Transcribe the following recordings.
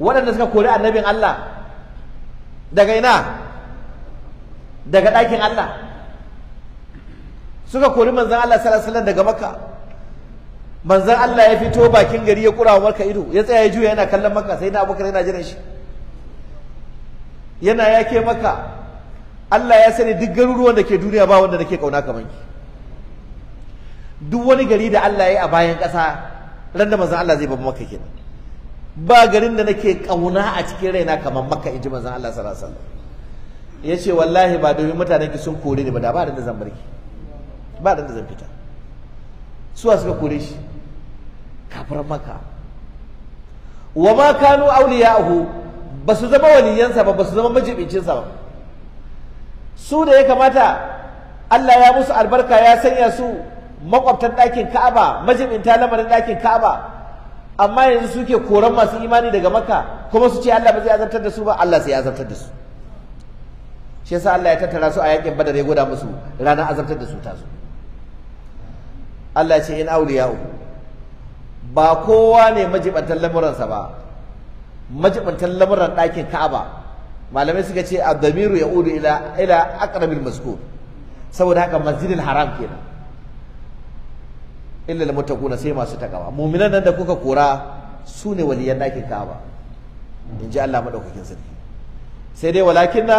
waɗanda suka kori annabin Allah daga ina daga ɗakin Allah suka kori manzan Allah salasalan daga Makka manzan Allah ya fito bakin gari ya kura Makka ido ya tsaya ya juya yana kallon Makka sai na abokan yana jiran shi yana yake Makka Allah ya sani duk garuruwan da ke duniya ba wanda nake kauna kamar ki duk wani gari da Allah ya yi a bayan ƙasa ran da manzan Allah zai babu maka kenan ba garin da nake kauna a cikin raina kamar makka in ji manzon Allah sallallahu alaihi wasallam ya ce wallahi ba domin mutanen ki sun kore ni ba da ba da zan barki ba da zan fita suwa suka kore shi kafiran maka wa ma kanu awliya'uhu ba su zama waliyansa ba ba su zama majibincinsa ba su da ya kamata Allah ya musu albarka ya sanya su makwabtan ɗakin Ka'aba majibinta lamarin ɗakin Ka'aba amma yanzu suke koran masu imani daga makka kuma su ce Allah ba zai azabtar da su ba Allah sai ya azabtar da su shi yasa Allah ya tattara su a yakin badar ya goda musu ranar azabtar da su ta zo Allah ya ce in awliya'u ba kowa ne majibantan lamuransa ba majibantan lamuran ɗakin Ka'aba malamai suka ce ad-damiru ya'udu ila ila aqrabil masjid saboda haka masjidil haram kenan illa lil muttaquna sai masu takawa mu'minan nan da kuka kora su ne waliyan dakin kaba in ji Allah madaukakin sarki sai dai na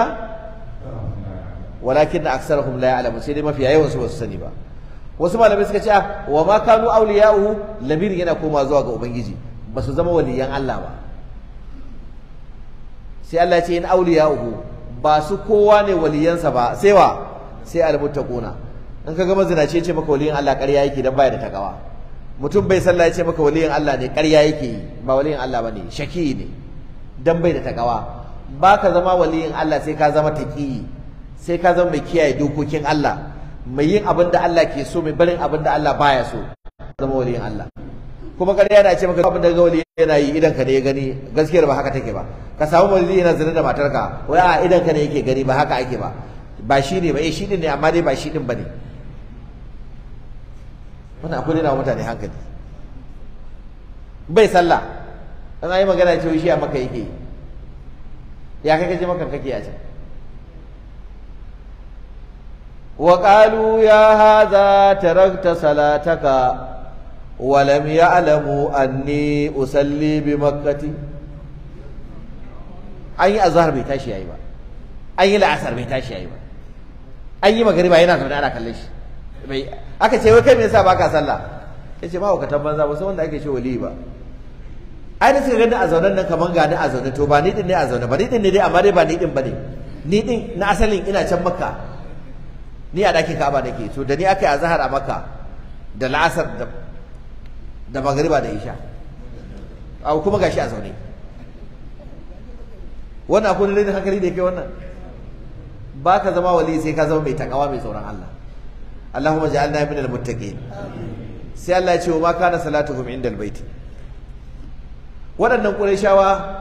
aksar aksarahum la alamu sai dai mafiya yawan su ba su sani ba wasu malamai suka ce ah, wa ma kanu awliya'uhu lamir yana komawa zuwa ga ubangiji ba su zama waliyan Allah ba sai Allah ya ce in awliya'uhu ba su kowa ne waliyansa ba sai wa sai al-muttaquna in ka ga mazinaci ya ce maka waliyin Allah ƙarya yake dan baya da takawa mutum bai sallah ya ce maka waliyin Allah ne ƙarya yake yi ba waliyin Allah bane shaki ne dan bai da takawa ba ka zama waliyin Allah sai ka zama taƙi sai ka zama mai kiyaye dokokin Allah mai yin abin da Allah ke so mai barin abin da Allah baya so zama waliyin Allah kuma ƙarya na ce maka abin da ga waliyin yana yi idan ka ne ya gani gaskiyar ba haka take ba ka samu waliyi yana zina da matarka wai a idan ka ne yake gani ba haka ake ba ba shi ne ba eh shi ne amma dai ba shi din ba ne wannan akwai rena mutane hankali bai sallah an ayi magana ce shi a maka yake ya kai kaje maka kake a can wa qalu ya hadha tarakta salataka wa lam ya'lamu anni usalli bi makkati an yi azhar bai tashi yayi ba an yi la'asar bai tashi yayi ba an yi magariba yana zaune ana kallon shi mai aka ce wai kai me yasa baka sallah yace ba wuka tabban ba sai wanda ake ce wali ba ai da suka gani a zaunen nan kaman ni a zaune to ba ni din ne a zaune ba ni din ne dai amma dai ba ni din bane ni din na asalin ina can makka ni a dakin ka'aba nake to da ni aka yi azhar a makka da la'asar da da magriba da isha a kuma gashi a zaune wannan akwai rinin hankali da kai wannan ba ka zama wali sai ka zama mai takawa mai tsoron Allah Allahumma ja'alna minal muttaqin sai Allah ya ce wa ma kana salatuhum indal baiti waɗannan qurayshawa